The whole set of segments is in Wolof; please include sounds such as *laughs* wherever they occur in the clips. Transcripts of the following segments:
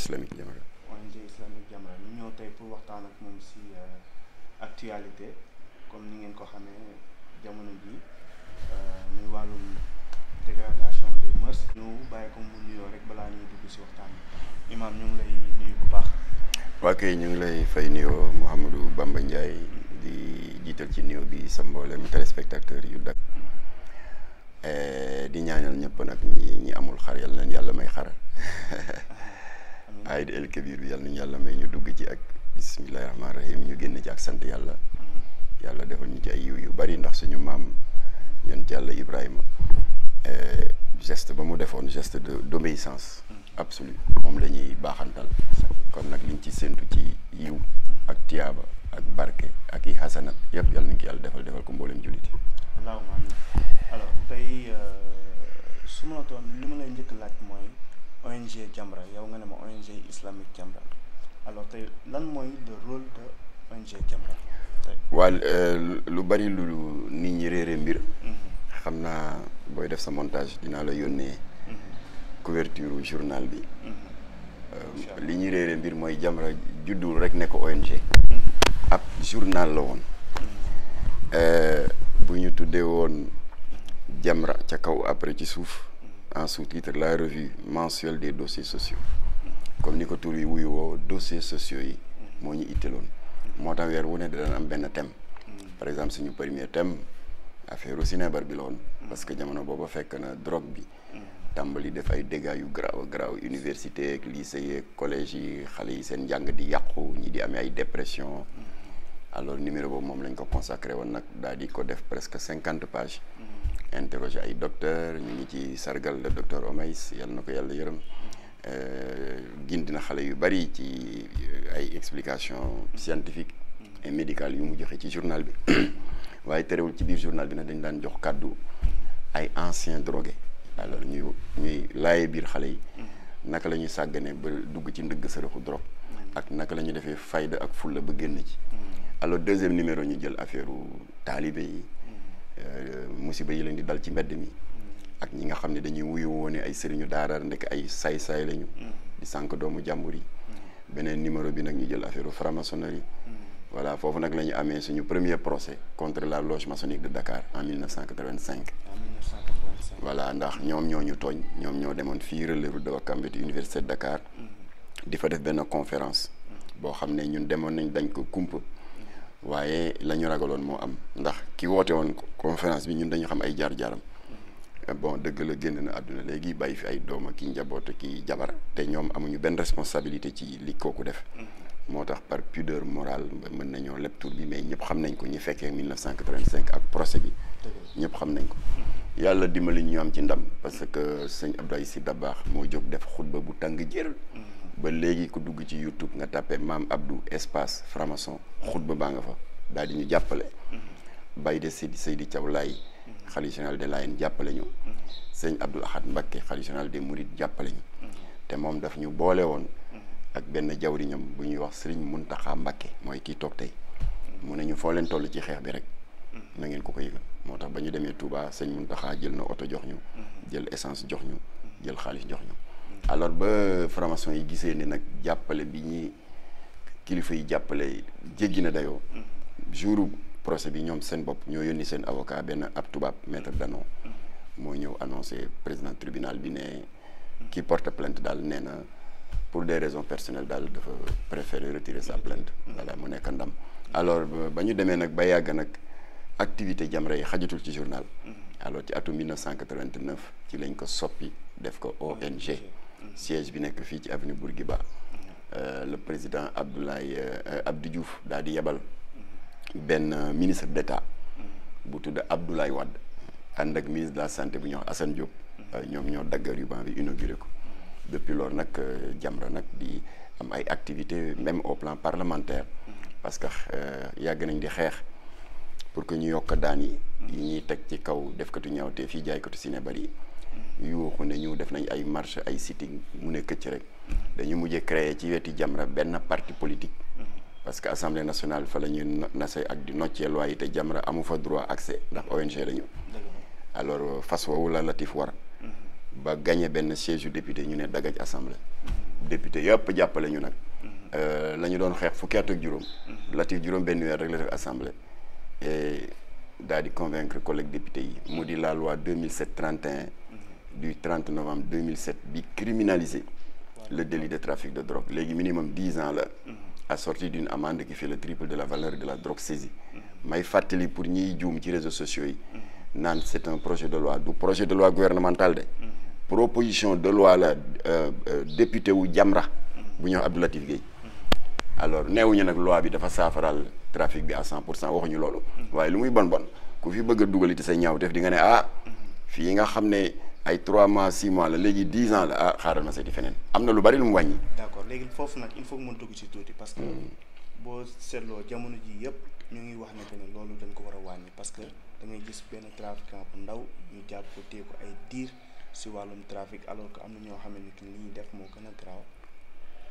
islamique Jamra ONG islamique Jamra ñu ñëw tey pour waxtaan ak moom si euh, actualité comme ni ngeen ko xamee jamono ji euh, mu wàllum dégradation des mœurs ñu bàyyi ko mu nuyoo rek balaa ñuy dugg si waxtaan bi imaam ñu ngi lay nuyu bu baax waa kay ñu ngi lay fay nuyoo Mouhamadou Bamba Ndiaye di jiital ci nuyoo bi sa mboolem téléspectateur yu dakk eh, di ñaanal ñëpp nag ñi amul xar yàlla na yàlla may xar *laughs* aayid el kabir yalla ñu yalla may ñu dugg ci ak bismillahirrahmanirrahim ñu genn ci ak sante yalla yalla defal ñu ci ay yiw yu bari ndax suñu maam yalla ibrahim euh geste ba mu defon geste de d'obéissance absolue mom lañuy baxantal kon nak liñ ci sentu ci yiw ak tiyaaba ak barke ak yi xasanat yeb yalla ñu ko defal defal ko mbolem julit allahumma amiin alors tay euh suma la doon ma lay ñëk laaj moy ONG Jamra yow nga ne ma ONG islamique Jamra alors tey lan mooy le rôle de ONG Jamra euh, lu bari lu nit ñi réere mbir mhm. xam naa booy def sa montage dinaa la yónnee mhm. couverture journal bi mhm. euh, li ñu réere mbir mooy Jamra juddul rek ne ko ONG ab journal la woon euh, bu ñu tuddee woon Jamra ca kaw après ci suuf en sous-titre la revue mensuelle des dossiers sociaux comme nico ko tur yi dossiers sociaux yi moo ñu itteeloon moo tax weer wu thème par exemple suñu premier thème affaire aussi Sinébar pas de parce que nous bobo fait na drogue bi avons def ay dégâts graves, grave grave université lycée et collège yi gens qui ont di yàqu ñi di alors numéro que moom consacré presque 50 pages interroger ay docteur ñu ngi ci sargal le docteur Omaïs yal na ko yàlla yërëm euh, gindi na xale yu bari ci euh, ay explication scientifique et médicale yu mu joxe ci journal bi *coughs* waaye terewul ci biir journal bi nag dañ daan jox kàddu ay anciens drogués alors ñuy ñuy laaye biir xale yi naka la ñuy sàggane ba dugg ci ndëgg sërëxu drogue ak naka la ñuy defee fayda ak fulla ba génn ci mm. alors deuxième numéro ñu jël affaire taalibe yi Euh, musiba yi leen di dal ci mbedd mi ak ñi nga xam ne dañuy wuyu woone ay sëriñu daara ndek ay say say lañu mm. di sànq doomu jàmbur yi mm. beneen numéro bi nag ñu jël affaire franc-maçonnerie mm. voilà foofu nag la ñu amee suñu premier procès contre la loge maçonnique de Dakar en 1985. 1985 voilà ndax ñoom ñoo ñu tooñ ñoom ñoo demoon fii relève de Wakambet université de Dakar di fa def benn conférence boo xam ne ñun demoon nañ dañ ko kumpa waaye la ñu ragaloon moo am ndax ki woote woon conférence bi ñun dañu xam ay jaar-jaaram bon dëgg la génn na àdduna léegi bàyyi fi ay doom ki njaboot ki jabar te ñoom amuñu benn responsabilité ci li kooku def mm-hmm. moo tax par pudeur morale mën nañoo leb tour bi mais ñëpp xam nañ ko ñi fekkee 1985 ak procès bi ñëpp xam nañ ko yàlla dimbali ñu am ci ndam parce que sëñ Abdoulaye Sy baax moo jóg def xutba bu tàng jër ba léegi ku dugg ci YouTube nga tàppe maam Abdou espace franc-maçon ba baa nga fa daal di ñu jàppale. Mm-hmm. Baye de Seydi Seydi Thiaw Laye. xalifa mm-hmm. général de Layène jàppale ñu. Mm-hmm. sëñ Abdoul Ahad Mbacké xalifa général des Mourides jàppale te moom daf ñu boole woon. ak benn jawriñam bu ñuy wax Serigne Mountakha Mbacké mooy kii toog tey. mu ne foo leen toll ci xeex bi rek. na ngeen ko ko moo tax ba ñu demee Touba sëñ Mountakha jël na oto jox ñu. jël essence jox ñu. jël xaalis jox ñu. alors ba formation yi gisee ni nag jàppale bi ñuy kilifa yi jàppale jéggi na dayoo mm-hmm. jour procès bi ñoom seen bopp ñoo yónni seen avocat benn ab tubaab maître Danon mm-hmm. moo ñëw annoncé président tribunal bi ne mm-hmm. ki porte plainte daal nee na pour des raisons personnelles daal dafa préférer retirer sa plainte voilà mu nekk ndam alors ba ñu demee nag ba yàgg nag activité Jamra yi xajatul ci journal alors ci atum 1989 ci lañ ko soppi def ko ONG siège bi que à avenue Bourguiba euh, le président Abdoulaye euh, Abdou Diouf euh, ministre d'État Abdoulaye Wade ministre de la santé Diop depuis lors, activités même au plan parlementaire parce que y a des pour que nous York qui yi yuuxu ne ñu def nañ ay marché, ay sitting mu ne këcc rek dañu mujje créer ci weti Jamra parti politique parce que assemblée nationale fa la nous nase ak di noccee loi yi Jamra amu fa droit accès ndax ONG lañu alors fas woowu la Latif war ba gagné benn siège yu député ñu ne dagaj assemblée député yëpp jàppale ñu nag euh, la ñu doon xeex fukki at ak juróom Latif juróom benn rek la def assemblée et daal convaincre collègue député yi mu di la loi 2007 du 30 novembre 2007 qui criminaliser le délit de trafic de drogue Légui minimum 10 ans a assorti d'une amende qui fait le triple de la valeur de la drogue saisie Mais pour ci réseaux sociaux c'est un projet de loi du projet de loi gouvernemental proposition de loi euh, euh, député ou Jamra bu ñëw Abdou Gueye alors neewuñu nak loi bi dafa le trafic bi à 100% pour cent lolu. Waye lu muy bon bon ku fi bëgg ñaaw def di ah, ay 3 mois 6 mois la 10 ans la ah na lu bari lu il faut que ci parce que. si hmm. seetloo jamono ji yeb ñu ngi wax ne que ne dañ parce que da ngay gis ben trafiquant bu ndaw ko ay si trafic alors que amna ño ni def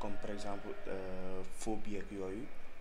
comme par exemple euh, phobie ak yooyu.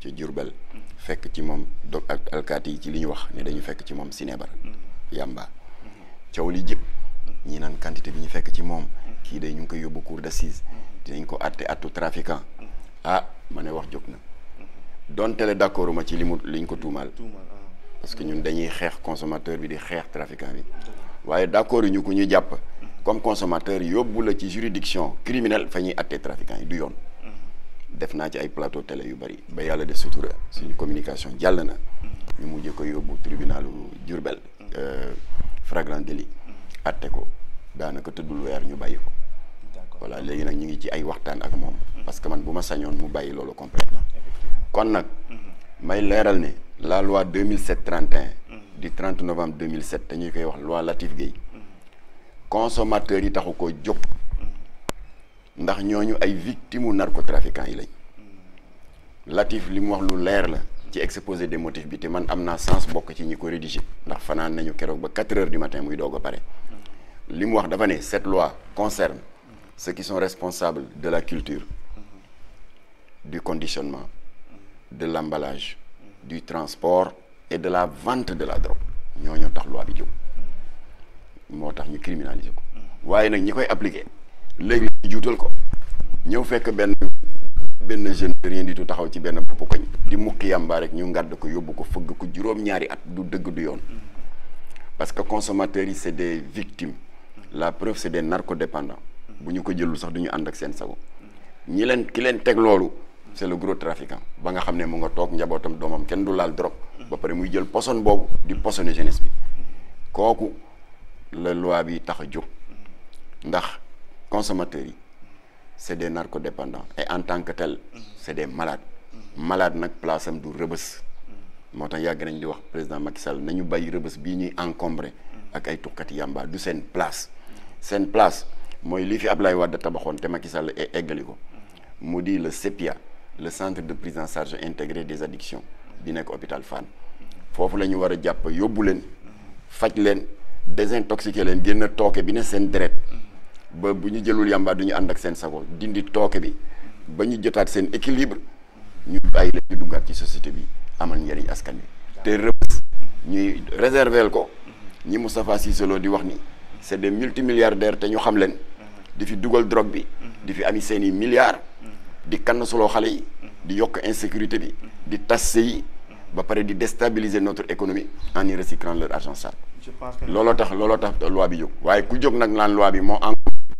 ci Diourbel fekk ci moom do ak alkaati yi ci li ñu wax ne dañu fekk ci moom sinébar yamba coow li jëpp ñi naan quantité bi ñu fekk ci moom kii day ñu ngi koy yóbbu cour d'assises dinañ ko àtte àttu trafiquant ah ma ne wax jóg na donte le d'accord ma ci li mu liñ ko tuumaal ah. parce que ñun dañuy xeex consommateur bi di xeex trafiquant bi waaye d'accord ñu ko ñu jàpp comme consommateur yóbbu la ci juridiction criminelle fa ñuy àtte trafiquant yi du yoon def naa ci ay plateau télé yu bari ba yàlla def sutura suñu communication jàll na ñu mujjee ko yóbbu tribunalu Diourbel euh, flagrant délit atte ko daanaka tëddul weer ñu bàyyi ko voilà léegi nag ñu ngi ci ay waxtaan ak moom parce que man bu ma sañoon mu bàyyi loolu complètement kon nag may leeral ne la loi 2007 31 mm-hmm. du 30 novembre 2007 dañuy koy wax loi Latif Guèye mm-hmm. consommateur yi taxu ko jóg ndax ñooñu ay victimes de narcotrafiquants yi lañ Latif li mu wax lu leer la ci exposé des motifs bi te man am naa sens bokk ci ñi ko rédigé ndax fanaan nañu keroog ba 4 heures du matin muy doog a pare li wax dafa ne cette loi concerne ceux qui sont responsables de la culture du conditionnement de l'emballage du transport et de la vente de la drogue ñoo tax loi bi jóg moo tax ñu criminaliser ko waaye nag ñi koy appliquer léegi ñu juutal ko ñëw fekk benn benn jeune rien di tu taxaw ci benn bopp koñ di mukki yàmbaa rek ñu ngàdd ko yóbbu ko fëgg ko juróom-ñaari at du dëgg du yoon parce que yi c'est des victimes la preuve c'est des narcodépendants bu ñu ko jëlul sax du ñu ak seen sago ñi leen ki leen teg loolu c'est le gros trafiquant ba nga xam ne nga kenn du ba muy jël poson boobu di posone jeunesse bi koku la loi bi tax a ndax consommateurs c'est des narcodépendants et en tant que tel c'est des malades Malades, nak place du rëbës moo tax nañ di wax président Macky Sall nañu bàyyi rëbës bii ñuy encombré ak ay tuxkati yamba. du seen place seen place mooy li fi Ablaye Wade tabaxoon te Macky Sall e-, eggali ko mu le CEPIA le centre de prise en charge intégrée des addictions bi nekk hôpital fan. foofu la ñu war a jàpp yóbbu leen désintoxiquer leen génn tooke bi ne seen ba bu ñu jëlul yàmba du ñu ànd ak seen sago dindi tooke bi ba ñu équilibre ñu bàyyi la ñu ci société bi amal ñari askan wi te ñuy réserver ko ñi Moustapha Cissé di wax ni c'est des multimilliardaires té ñu xam leen di fi duggal drogue bi di fi ami seen milliards di kan solo xalé yi di yok insécurité bi di tassé yi ba paré di déstabiliser notre économie en y recyclant leur argent sale lolo tax lolo tax loi bi jóg waye ku jog nak naan loi bi moo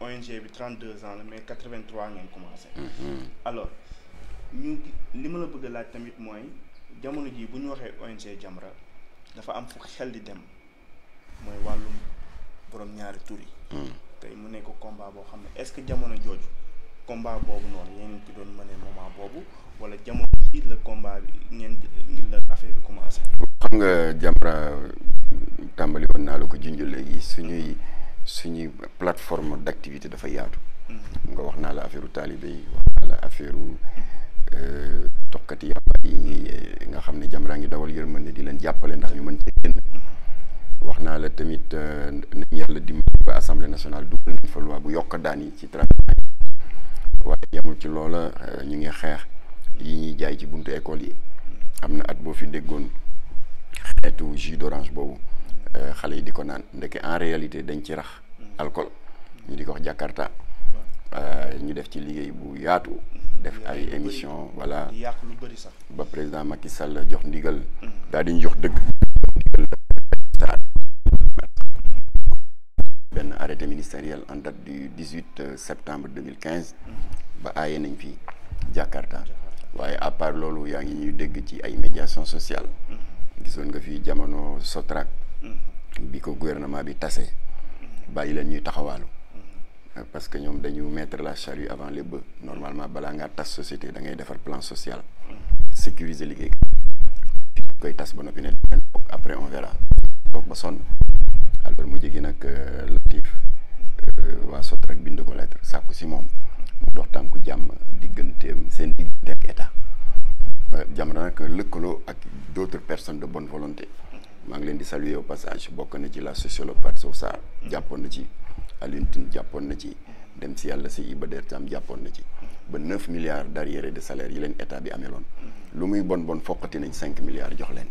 ONG bi 32 ans la mais 83 ngeen commencé. Mhm. alors ñu li ma la bëgg laaj tamit mooy jamono jii bu ñu waxee ONG Jamra dafa am fu xel di dem mooy wàllum borom ñaari tur yi. Mhm. mu nekk combat boo xam ne est-ce que jamono jooju combat boobu noonu yéen ci doon mënee moment boobu wala jamono jii la combat bi ngeen la affaire bi commencé. xam nga Jamra tàmbali woon naa la ko junj léegi suñuy. suñu plateforme d'activité dafa yaatu. Mm-hmm. nga wax na la affaireu talibé yi wax naa la affaire euh, tokkati yàlla yi euh, nga xamné Jamra ngi dawal yermane di len jappalé ndax ñu mën ci génn. Mm-hmm. wax na la tamit euh, ñu yalla di ba assemblée nationale dugal ñu fa loi bu yok daani ci traitement waay yamul ci loola ñu ngi xex yi ñi jaay ci buntu école yi mm-hmm. amna at bo fi déggone xétu jus d'orange bobu Euh, xalé yi di ko en réalité dañ ci rax mm. alcool ñu diko wax Jakarta euh, ñu def ci liguey bu yaatu mm. def ay émission voilà yàq lu bëri sax ba président Macky Sall jox ndigal mm. daal di jox deug ben arrêté ministériel en date du 18 euh, septembre 2015 ba ayé nañ fi Jakarta waye à part lolu yaa ngi ñuy dégg ci ay médiation sociale gisoon nga fi jamono Sotrac Mm-hmm. bi ko gouvernement bi tassé bàyyi leen ñuy taxawaalu mm-hmm. parce que ñom dañu mettre la charrue avant les bœufs normalement bala nga tass société da ngay defar plan social mm-hmm. sécuriser liggéey koy tass ba noppi après on verra donc ba son alors mu jegi nag euh, Latif wa sot rek bindu ko lettre sakku ci mom mu dox tanku jam digganteem sen diggante ak état euh, jàmm nak lëkkaloo ak d'autres personnes de bonne volonté maa di saluer au passage bokk na ci la sociologue Fatou Sow Sarr Alintin na ci Alioune Tine jàppoon na ci dem si si Iba Der Thiam japon na ci ba neuf milliards d'arriérés de salaire yi leen état bi ameloon lu muy bon bon foqati nañ cinq milliards jox leen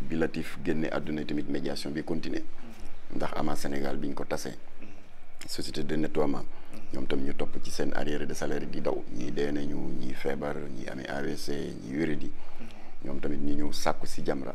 bi Latif génne àdduna tamit médiation bi continuer ndax ama Sénégal biñ ko tasee société de nettoiement Yom tam ñu topp ci seen arriéré de salari di de ne nyu nañu febar feebar ame amee se nyi yuri di yom ñu ñëw nyu sakusi Jamra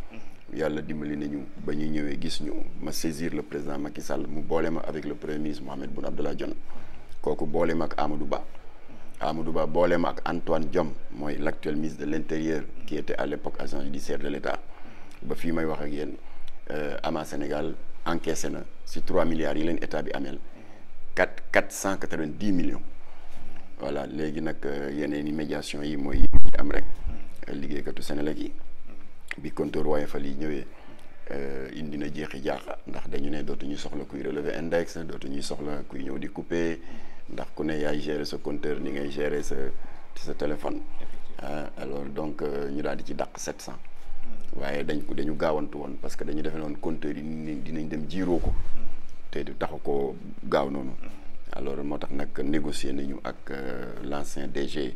Yalla dimbali nañu ba ñu ñëwé gis ñu ma saisir le président Macky Sall mu boole avec le premier ministre Mohamed Boun Abdallah a kooku boole avec ak Amadou Ba Amadou Ba boole Antoine Diom, moy l'actuel ministre de l'Intérieur qui était à l'époque agent judiciaire de l'État, je ba fi may wax ak euh ama Sénégal encaissé na sur 3 milliards yi leen état bi amel 4 490 millions voilà il y a une médiation yi moy yi am rek katou Sénégal bi compteur Woyofal yi euh indi na jeexi jaaxa ndax dañu né dootu ñu soxla kuy relever index dootu ñu soxla kuy ñëw di couper ndax ku né yaay gérer ce compteur ni ngay gérer ce ce téléphone. Ah, alors donc euh, ñu daal di ci dakk 700. waaye dañ ko dañu gawantu won parce que dañu défé non compteur yi dinañ dem jiiroo ko. te du taxu koo gaaw noonu. Mm. alors motax nak nag négocier nañu ak euh, l'ancien DG.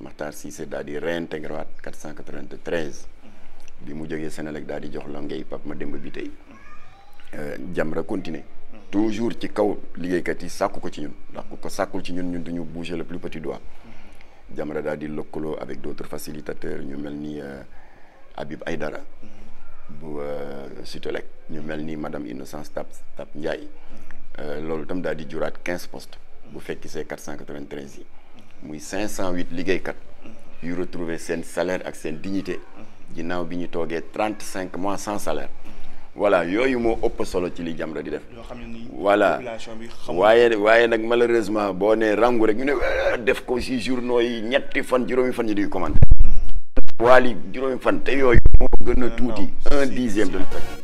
Makhtar Cissé daal di réintégré waat 493 bi mu jógee Sénélec daal di jox la ngay ma Mademba bi tey euh, Jamra continuer mm-hmm. toujours ci kaw liggéeykat yi sàkku ko ci ñun ndax ko sàkkul ci ñun ñun du duñu bouger le plus petit doigt mm-hmm. Jamra daal di lëkkaloo avec d'autres facilitateurs ñu mel ni euh, Habib Aydara mm-hmm. bu euh, Sutelec ñu mel ni madame Innocence Tap Tap Ndiaye loolu tam daal di juraat quinze post bu fekki see 493 yi muy ligay kat yu retrouver sen salaire ak sen dignité ginaaw biñu togué 35 mois sans salaire voilà yooyu mo ëpp solo ci li Jamra di def. yoo xam ne nii population bi waaye waaye nag malheureusement bo né rangou rek ñu ne ah, def ko ci journaux yi ñetti fan juróomi fan ñu di commandé. waali juróomi fan té yooyu mo gëna ah, touti 1 un dixième de